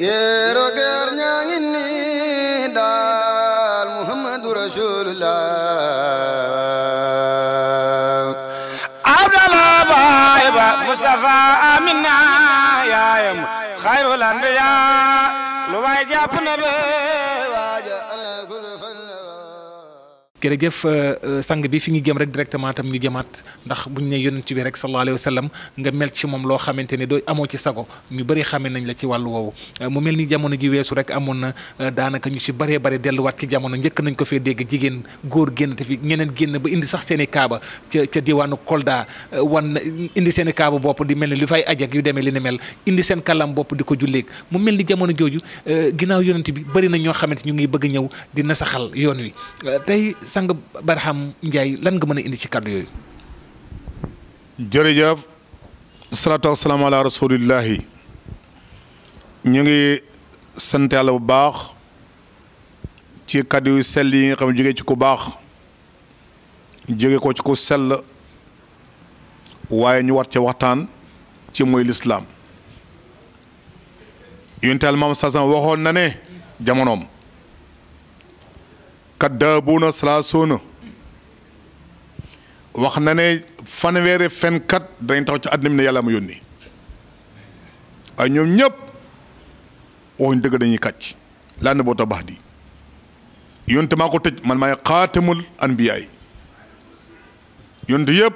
géero géer ñaa ngi nii daal muhammadu rasulullah abdallah baay ba mustafa amina yaayam xayrul anbiya lu waay jàpp na bee jërëjëf euh, euh, sang bi fi ngi jëm rek directement tam ñu jëmaat ndax buñ ne yonent bi rek sallallahu alayhi wa nga mel ci moom loo xamante ne doo amoon ci sago ñu bari xamee nañ la ci wàllu woowu euh, mu mel ni jamono ji weesu rek amoon na daanaka ñu ci bëree bëri delluwaat ci jamono njëkk nañ ko fee dégg jigéen góor génn te fi génn ba indi sax seen i kaaba ca diwaanu Kolda wan indi seen i bopp di mel ni lu fay aj yu demee li ne mel indi seen kalam bopp di ko julleeg mu mel ni jamono jooju ginnaaw yonent bi bëri na ñoo xamante ñu ngi bëgg ñëw di nasaxal yoon wi sang Barham Ndiaye lan nga mën a indi ci kàddu yooyu. jërëjëf salaatu wa salaam ala ñu ngi sant bu baax ci kàddu yu sell yi nga xam jóge ci ku baax jóge ko ci ku sell waaye ñu war ca waxtaan ci muy lislaam yonent al maam sasam waxoon na ne jamonoom kaddaabuna salaasuna wax na ne fanweeri fenkat dañ taxaw ci àddina bi ne yàlla ma yónni ay ñoom ñëpp waxuñ dëgg dañuy kàcc laa ne boo tabax di yonte maa ko tëj man maay xaatamul anbiyaa yi yonte yëpp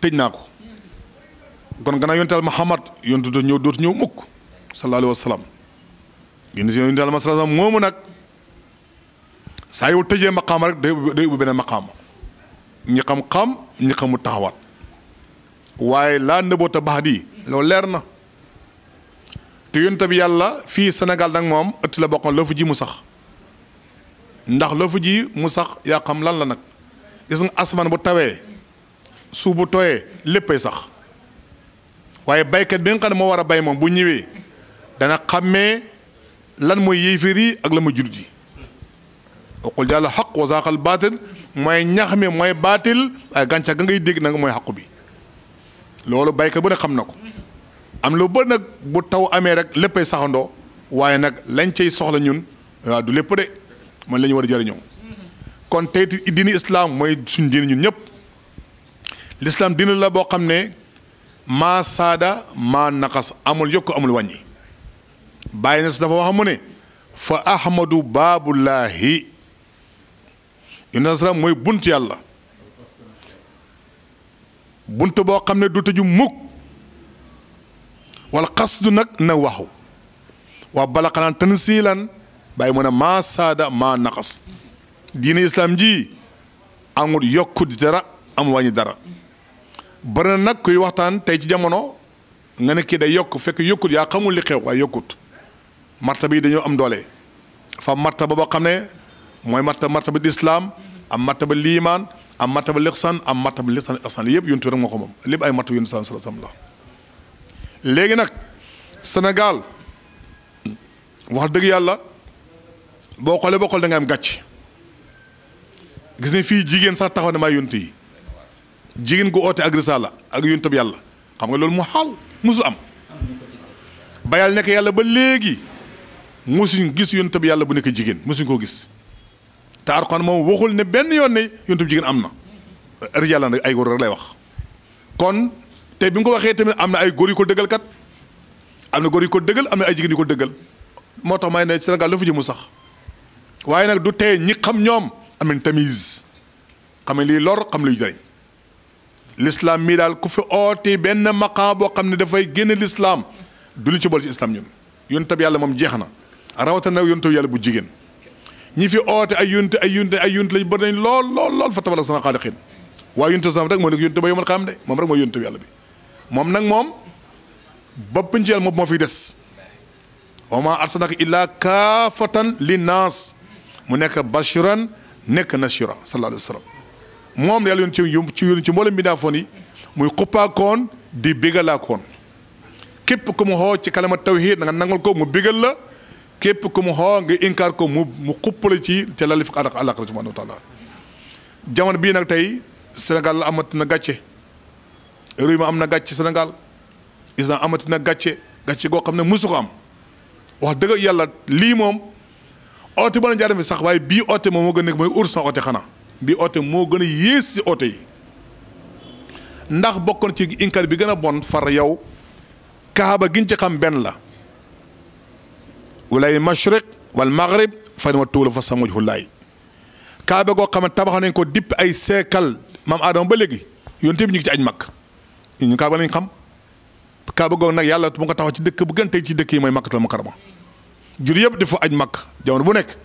tëj naa ko kon gannaaw yonte al Muhammad yonte dootu ñëw dootu ñëw mukk sallallahu alayhi wa yonte al Muhammad sallallahu moomu nag saa yow tëjee maqaama rek day day ubbi beneen maqaama ñi xam xam ñi mu taxawaat waaye laa nëboota baax di loo leer na te yonent bi yàlla fii senegal nag moom ëtt la bokkoon loo fu ji mu sax ndax loo fu ji mu sax yaa xam lan la nag gis nga asmaan bu tawee suuf bu tooyee léppay sax waaye baykat bi nga xam ne moo war a bay moom bu ñëwee dana xàmmee lan mooy yéeféer yi ak la ma jullit yi qul yàlla xaq wa zaaqal baatil mooy ñax mi mooy baatil waaye gàncax ga ngay dégg nag mooy xaqu bi loolu baykat bu ne xam na ko am lu ba nag bu taw amee rek léppay saxando waaye nag lañ cay soxla ñun waaw du lépp de man la war a jëriñoo kon tey diini islaam mooy suñ diini ñun ñëpp lislaam diina la boo xam ne maa saada maa naqas amul yokk amul wàññi bàyyi na si dafa wax mu ne fa ahmadu baabullaahi inna salaam mooy bunt yàlla bunt boo xam ne du tëju mukk wala xasdu nag na waxu waa bala xanaan tan siilan bàyyi mu ne maa saada maa naqas diine islaam ji amul yokku dara am wàññi dara bari nag kuy waxtaan tey ci jamono nga ne kii day yokk fekk yokkut yaa xamul li xew waaye yokkut martaba yi dañoo am doole dafa martaba boo xam ne mooy martaba martaba islaam am ba liimaan am martaba lixsaan am martaba lixsaan ihsaan yëpp yontu rek moo ko moom lépp ay martaba yontu sallallahu alayhi wasallam la léegi nag Sénégal wax dëgg yàlla boo xoolee boo xoolee da am gàcc gis ne fii jigéen sax taxaw ne maa yontu yi jigéen gu oote ak risaala ak yontab yàlla xam nga loolu mu xaal musul am bayal nekk yàlla ba léegi musuñ gis yontab yàlla bu nekk jigéen musuñ koo gis te Alxuraan moom waxul ne benn yoon ne yonent jigéen am na yàlla nag ay góor rek lay wax kon te bi mu ko waxee tamit am na ay góor yu ko dëggal kat am na góor yu ko dëggal am na ay jigéen yu ko dëggal moo tax may ne Sénégal la fa jëmu sax waaye nag du tee ñi xam ñoom am nañ tamise xam ne lii lor xam luy jëriñ lislaam mii daal ku fi oote benn maqaam boo xam ne dafay génn lislaam du lu ci bool ci islam ñun yonent bi yàlla moom jeex na rawatina nag yonent bi yàlla bu jigéen ñi fi oote ay yunte ay yunte ay yunte lañ bëri nañ lool lool lool fa tabala sana xaaliqin waaye yunte sam rek moo nekk yunte ba yomal xam moom rek mooy yunte bi yàlla bi moom nag moom ba pinc yàlla moom moo fiy des wa maa arsalnaka illaa kaafatan naas mu nekk bashiran nekk nashira sallallahu alayhi wa sallam moom la yàlla yoon ci yom ci yoon ci mboolem mbindaafoon yi muy xuppaakoon di bigalaakoon képp ku mu xoo ci kalama tawhid nga nangal ko mu bigal la képp ku mu xoo nga inkaar ko mu xuppale ci ca lali fi àllak àllak subhanahu wa taala jamono bii nag tey senegal amatina amati na gàcce réew mi am na gàcce senegal islam amati na gàcce gàcce goo xam ne musu ko am wax dëgg yàlla lii moom ote ba na jaar fi sax waaye bii oote moom moo gën nekk mooy ur sa oote xanaa bii oote moo gën a yées si oote yi ndax bokkoon ci inkaar bi gën a bon far yow kaaba giñ ci xam benn la walay mashriq wal maghrib fan wa tuula fa sam wajhullaay kaaba goo xam ne tabax nañ ko dipp ay seekal maam aadama ba léegi yonte bi ñu ngi ci aj mag ñu kaaba nañ xam kaaba googu nag yàlla mu ko taxaw ci dëkk bu ci dëkk yi mooy makkatul mukarrama jur yëpp dafa aj mag jamono bu nekk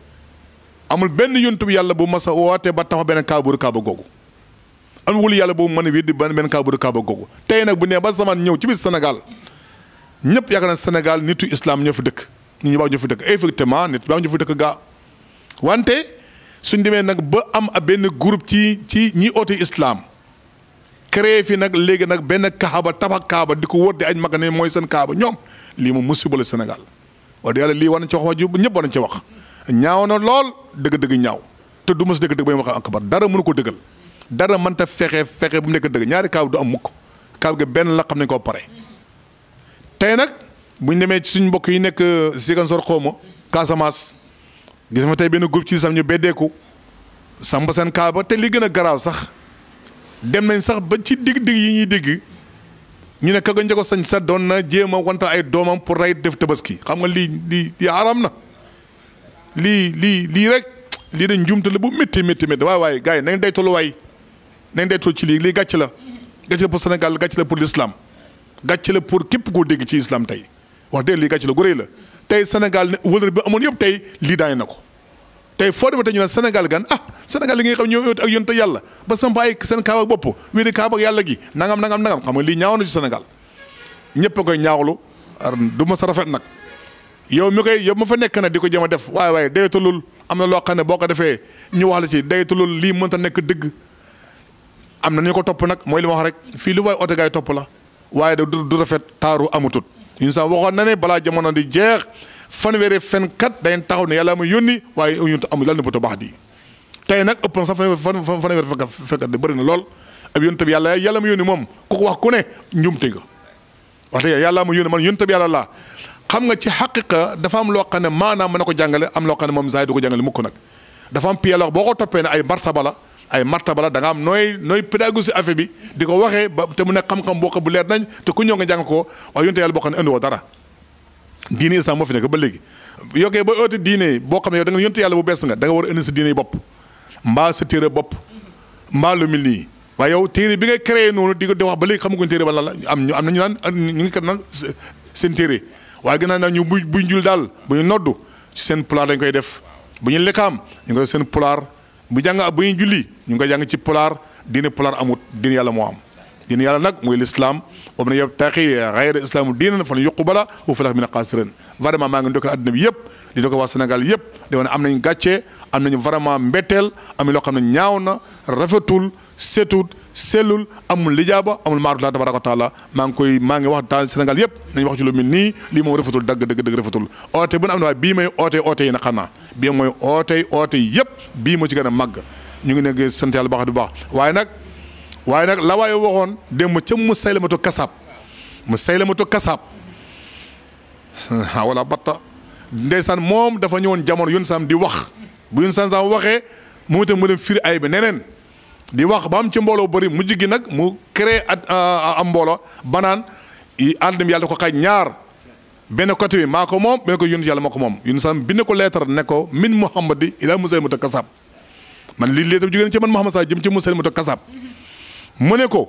amul benn yontu bi yàlla bu mas a woote ba taxaw benn kaaba kaaba googu am wul yàlla boobu mën a wéddi ban benn kaaba bu kaaba googu tey nag bu nee ba zaman ñëw ci biir senegal ñëpp yaakaar senegal Sénégal nitu islaam ñoo fi dëkk ñu ñi baax ñoo fi dëkk effectivement nit baax ñoo fi dëkk gaa wante suñ demee nag ba am benn groupe ci ci ñi oote islam créé fi nag léegi nag benn kaaba tabax kaaba di ko wër di añ mag mooy seen kaaba ñoom lii moom musiba Sénégal wax yàlla lii war nañ ci wax ju ñëpp war nañ ci wax ñaaw na lool dëgg-dëgg ñaaw te du ma mos dëgg-dëgg ba mu wax akabar dara mënu ko dëggal dara mënta fexe fexe bu mu nekk dëgg ñaari kaab du am mukk kaab gi benn la xam nañ ko pare tey nag bu ñu demee ci suñ mbokk yi nekk euh, Ziguinchor xaw ma Casamance gis ma tey benn groupe ci sam ñu beddeeku samp seen kaaba te li gën a garaaw sax dem nañ sax ba ci dégg digg yi ñuy dégg ñu ne ka nga njëkk sañ sa doon na jéem a wanta ay doomam pour rey def tabaski xam nga lii lii lii aram na lii lii lii rek lii dañ njuumte la bu metti métti métti waaye waaye gars yi nañ day tollu waay nañ day toll ci lii lii gàcc la gàcc la pour Sénégal gàcc la pour l'islam gàcc la pour képp koo dégg ci islam tey. wax dëgg lii gàcce la gu rëy la tey Sénégal ne wëlër bi amoon yëpp tey lii daane na ko tey foo demee tey ñu naan Sénégal gan ah Sénégal li ngay xam ñoo ak yonent yàlla ba samp ay seen kaaba ak bopp wéeri kaaba ak yàlla gi nangam nangam nangam xam nga lii ñaaw na ci Sénégal ñëpp a koy ñaawlu du ma sa rafet nag yow mi koy yow ma fa nekk nag di ko jëm a def waaye waaye dayatulul am na loo xam ne boo ko defee ñu wax la ci dayatulul lii mënta nekk dëgg am na ñu ko topp nag mooy li wax rek fii lu waay oto topp la waaye du rafet taaru amutut Insa waxoon na ne balaa jamono di jeex fanweeri fenkat day taxaw ne yàlla ma yónni waaye ñu amul lan la bët a baax di tey nag ëpp na sax fan fanweeri fenkat a bëri na lool ab yónni bi yàlla yàlla ma yónni moom ku ko wax ku ne njumte nga wax dëgg yàlla ma yónni man yónni yàlla la xam nga ci xaqiqa dafa am loo xam ne maanaam mën na ko jàngale am loo xam ne moom zaay du ko jàngale mukk nag dafa am pièce boo ko toppee ne ay martaba la ay martaba la da am nooy nooy si affaire bi di ko waxee ba te mu ne xam-xam bokk bu leer nañ te ku ñëw nga jàng ko waaye yonte yàlla bokk ne indiwoo dara diine islam moo fi nekk ba léegi yokkee ba oote diine boo xam ne yow da yàlla bu bees nga da war a indi sa diine yi bopp mbaa sa téere bopp mbaa lu mel nii waaye yow téere bi nga créé noonu di ko di wax ba léegi xam nga téere ba lan la am ñu am nañu naan ñu ngi kat nag seen téere waaye gën naa ñu bu buy jul daal bu ñu noddu seen pulaar dañ koy def bu ñu lekkaam ñu ngi seen pulaar bu jàng bu ñu julli ñu nga jàng ci pulaar diine pulaar amut diine yàlla moo am diine yàlla nag mooy l'islam om na yëpp taaqi xayra islamu diinan bala yuqbala wa fi lax min xaasirin vraiment maa ngi ndokkal àddina bi yëpp di ndokkal waa Sénégal yëpp di wax ne am nañ gàcce am nañu vraiment mbetteel am loo xam ne ñaaw na rafetul setut sellul amul lijaaba amul maarutulaa tabaraka wa taala maa ngi koy maa ngi wax taal Sénégal yëpp nañ wax ci lu nii lii moom rafetul dagg dëgg dëgg rafetul oote bu na am na waaye bii may oote oote yi na xanaa bii mooy oote oote yëpp bii moo ci gën a màgg ñu ngi nekk sant yàlla baax du baax waaye nag waaye nag la waaye waxoon démb ca Musaylamatu kasaab ma Musaylamatu kasaab ah wala batta ndeysaan moom dafa ñëwoon jamono yun sam di wax bu yun sam sam waxee moom itam mu dem firi ay bi neneen di wax ba am ci mbooloo bari mu jigi nag mu créé at am mbooloo banaan àddam yàlla ko xaaj ñaar benn côté bi maa ko moom benn ko yun yàlla maa ko moom yun sam bind ko leetar ne ko ma muhammadi ila kasaab man lii léegi jóge na ci man Mouhamed Salah jëm ci Musaylimatu Kasaab mu ne ko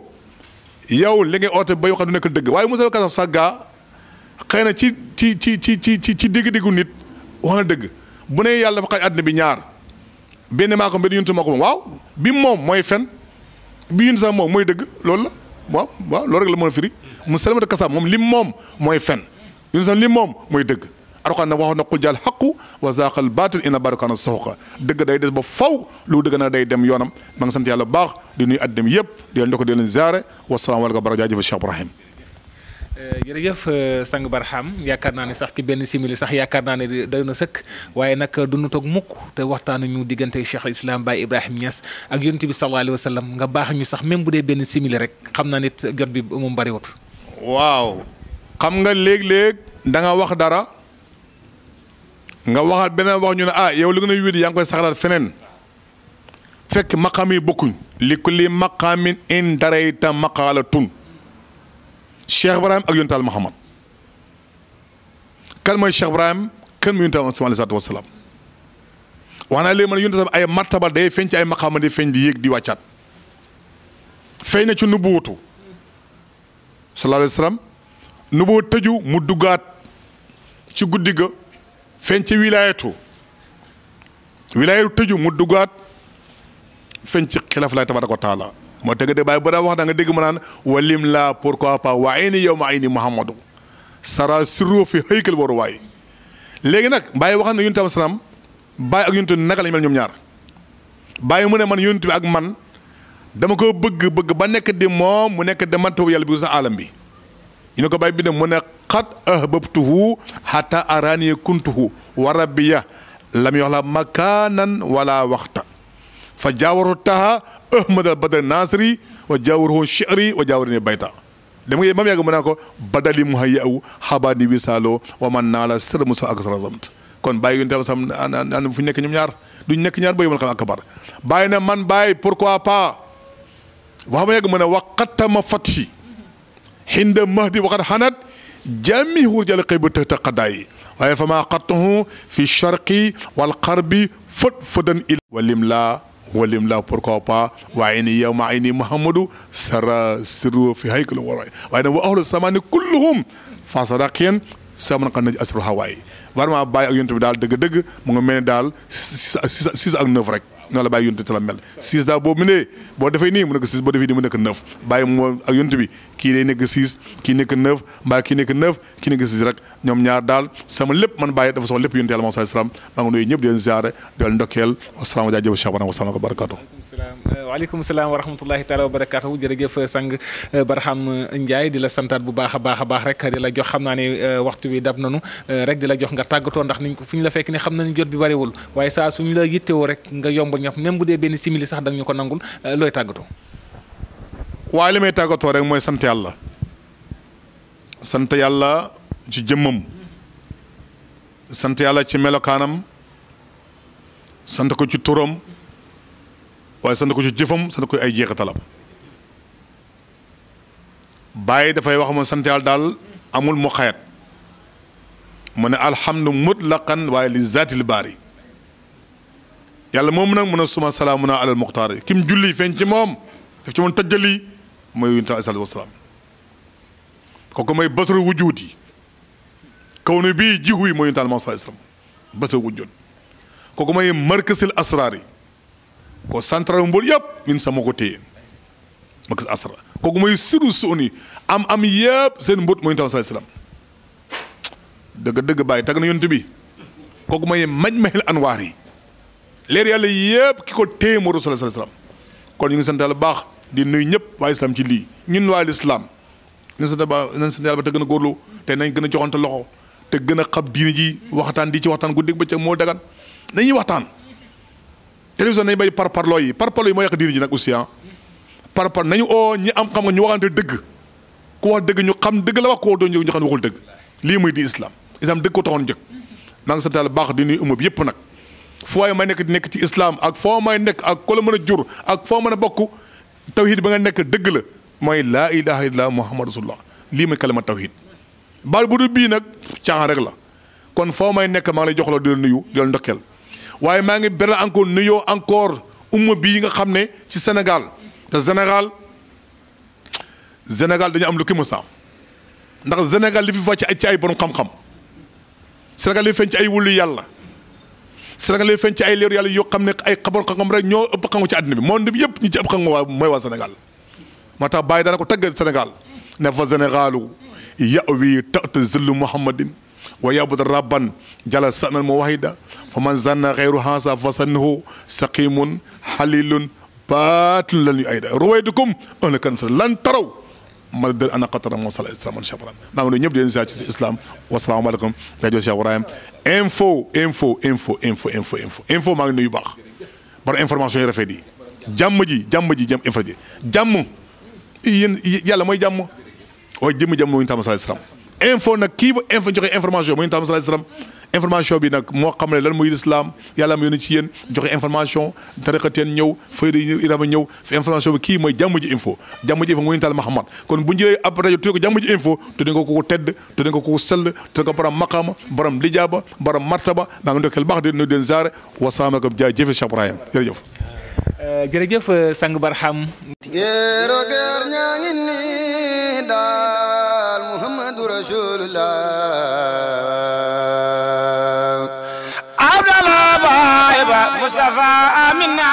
yow li ngay oote ba yoo xam ne nekk dëgg waaye Musaylimatu Kasaab sa xëy na ci ci ci ci ci ci ci dégg nit wax na dëgg bu ne yàlla dafa xaj bi ñaar benn maa ko benn moom waaw bi moom mooy fen bi yuntu sax moom mooy dëgg loolu la waaw waaw loolu rek la mën a firi Musaylimatu moom lim moom mooy fen yuntu sax moom mooy dëgg. arqoan na waxoon na qul jaal xaqu wa zaqal baatil ina a saxuqa dëgg day des ba faw lu dëgg na day dem yoonam ma ngi sant yàlla baax di nuy addem yëpp di leen ndokk di leen ziare wasalaamaaleykum bara jaajëf Cheikh eh, eh, yaakaar naa ne sax ci benn simili sax yaakaar naa ne doy na sëkk waaye nag du nu toog mukk te waxtaanu ñu diggante Cheikh Islam Baye Ibrahim Niass ak yonent bi sallallahu alayhi wa sallam nga baax ñu sax même bu dee benn simili rek xam naa nit jot bi moom bariwut waaw xam nga léeg-léeg da nga nga waxaat beneen wax ñu ne ah yow li nga ne wér yaa ngi koy saxalaat feneen fekk maqaam yi bokkuñ li ku li maqaamin in darayta maqaalatun Cheikh Ibrahim ak yontaal Muhammad kan mooy Cheikh Ibrahim kan mooy yontaal Muhammad alayhi salaatu wasalaam wax naa léegi man yontaal ay martaba day feeñ ci ay maqaama di di yéeg di wàccaat feeñ na ci nubuwatu sallallahu alayhi wa sallam nubuwat tëju mu duggaat ci guddi ga feeñ ci wilaayatu wilaayatu tëju mu duggaat fenc ci xilaf laay ko wa taala moo tëgg de bàyyi ba daa wax da nga dégg ma naan walim la pourquoi pas wa ayni yow ma ayni muhammadu sara sirru fi haykal waru waay léegi nag bàyyi wax na yonent am bàyyi ak yonent naka lañ mel ñoom ñaar bàyyi mu ne man yonent bi ak man dama ko bëgg bëgg ba nekk di moom mu nekk di man taw yàlla bi sa alam bi ñu ne ko bàyyi bi ne mu ne wa rabbiya lam yoxla makanan wala waxta fa jaawaro taha wa jaawaro shi'ri wa jaawaro ne bayta dem nga mam yàgg mu naa ko badali mu hayya aw xabaani wisaalo wa man naa la sër musa kon bàyyi yu ne tam fu nekk ñoom ñaar duñ nekk ñaar ba yomal xam akbar bàyyi na man bàyyi pourquoi pas wax ma yàgg mu ne waqattama fatshi hinda mahdi waqat xanat jami wurjal xëyba të ta qadaayi waaye fa maa xattuhu fi sharqi wal xarbi fët fëdan il walim laa walim laa pourquoi pas waaye yow maa ay ni Muhammadu sara sirru fi haykal waraay waaye nag wa ahlu samaani kulluhum fasadaqiyan saman xam nañ asru hawaay vraiment bàyyi ak yonent bi daal dëgg-dëgg mu nga mel ne daal six ak neuf rek noonu la bàyyi yontu salam mel six daal boobu ne boo defee nii mu nekk six boo defee nii mu nekk neuf bàyyi moo ak yontu bi kii day nekk six kii nekk neuf mbaa kii nekk neuf kii nekk six rek ñoom wa rahmatullahi taala wa barakatuhu euh, jërëjëf euh, sang euh, Barham Ndiaye di la santaat bu baax a a baax rek di la jox xam naa ne waxtu bi dab nanu rek di la jox nga tàggatoo jot bi bariwul waaye saa suñu la yittewoo rek nga yomb ba ñoom même bu dee benn simili sax da ñu ko nangul euh, looy tàggatoo. waaye li may tàggatoo rek mooy sant yàlla sant yàlla ci jëmmam sant yàlla ci melokaanam sant ko ci turam waaye sant ko ci jëfam sant ko ay jeexitalam bàyyi dafay wax ma sant yàlla daal amul mu xayat mu ne alhamdu mutlaqan waaye li zaatil baari yàlla moom nag mun suma salaamun alal muxtaar yi kim julli feeñ ci moom daf ci moom tëjali mooy yonent alayhi salaatu wasalaam kooku mooy basru wujud yi kaw ne bii jihu yi mooy yonent alayhi salaatu wasalaam basru wujud kooku mooy markasil asraar yi ko central mbool yëpp ñun sama ko téye markas asra kooku mooy siru suuni am am yëpp seen mbóot mooy yonent alayhi salaam dëgg dëgg bàyyi tag na yonent bi kooku mooy maj mahil anwaar yi leer yàlla yëpp ki ko téye moo rasul sallallahu alayhi wasallam kon ñu ngi sant yàlla baax di nuyu ñëpp waa islam ci lii ñun waa lislaam ñu sant ba nañ sant yàlla ba te gën a góorlu te nañ gën a joxante loxo te gën a xam diine ji waxtaan di ci waxtaan guddi ak bëccëg moo dagan nañuy waxtaan télévision nañ bay par parloo yi par parloo yi moo yàq diine ji nag aussi ah par par nañu oo ñi am xam nga ñu waxante dëgg ku wax dëgg ñu xam dëgg la wax ku wax doon ñu xam waxul dëgg lii muy di islam islam dëgg ko taxoon njëkk naa ngi sant yàlla baax di nuyu umma bi yëpp nag foo may nekk di nekk ci islam ak foo may nekk ak ku la mën a jur ak foo mën a bokk tawhid ba nga nekk dëgg la mooy laa ilaha illallah muhammad rasulullah lii mooy kalima tawhid baal bu dul bii nag caaxaan rek la kon foo may nekk maa ngi lay joxloo di la nuyu di la ndokkeel waaye maa ngi beral encore nuyoo encore umma bii nga xam ne ci Sénégal te Sénégal Sénégal dañu am lu ki mu saam ndax Sénégal li fi fa ci ay borom xam-xam Sénégal li feeñ ci ay wullu yàlla Sénégal lay feeñ ci ay leeru yàlla yoo xam ne ay xabar xam-xam rek ñoo ëpp xam ci àddina bi monde bi yëpp ñi ci ëpp xam waa mooy waa Sénégal moo tax bàyyi daana ko tagg Sénégal ne fa Sénégalu ya'wi taxt zillu muhammadin wa yabud rabban jala sanan mu wahida fa man zanna xeyru hansa fa sannahu saqimun halilun baatlun lan yu ayda ruwaydukum ëllëkan sa lan taraw madadal ana qatara tara islam an chabran maa ngi nuyu ñëpp di leen ziar ci islam wasalaamaaleykum rajo Cheikh Ibrahim info info info info info info info maa ngi nuyu baax information yi rafet yi jàmm ji jàmm ji jàmm infra ji jàmm yéen yàlla mooy jàmm waaye jëmm jàmm moo ñu taamu salaay info nag kii ba info joxe information moo ñu taamu salaay salaam information bi nag moo xamle lan muy lislaam yàlla mu yónni ci joxe information tariqa teen ñëw fayda irama ñëw fi information bi kii mooy jàmm ji info jàmm ji info muy taal Mahamad kon bu njëlee ab rajo tudde ko jàmm ji info tudde nga ko ko tedd tudde nga ko ko sell tudde ko borom maqaama borom lijaaba borom martaba maa ngi baax di nuyu den zaare wasalaamaaleykum jaay jëfe Cheikh Ibrahima jërëjëf euh, jërëjëf euh, sang barham géero geer ñaa ngi nii daal Muhammadu Rasulullah Mustafa Amina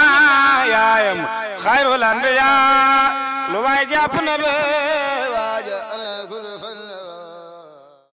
yaayam xayrul anbiya lu waay jàpp na be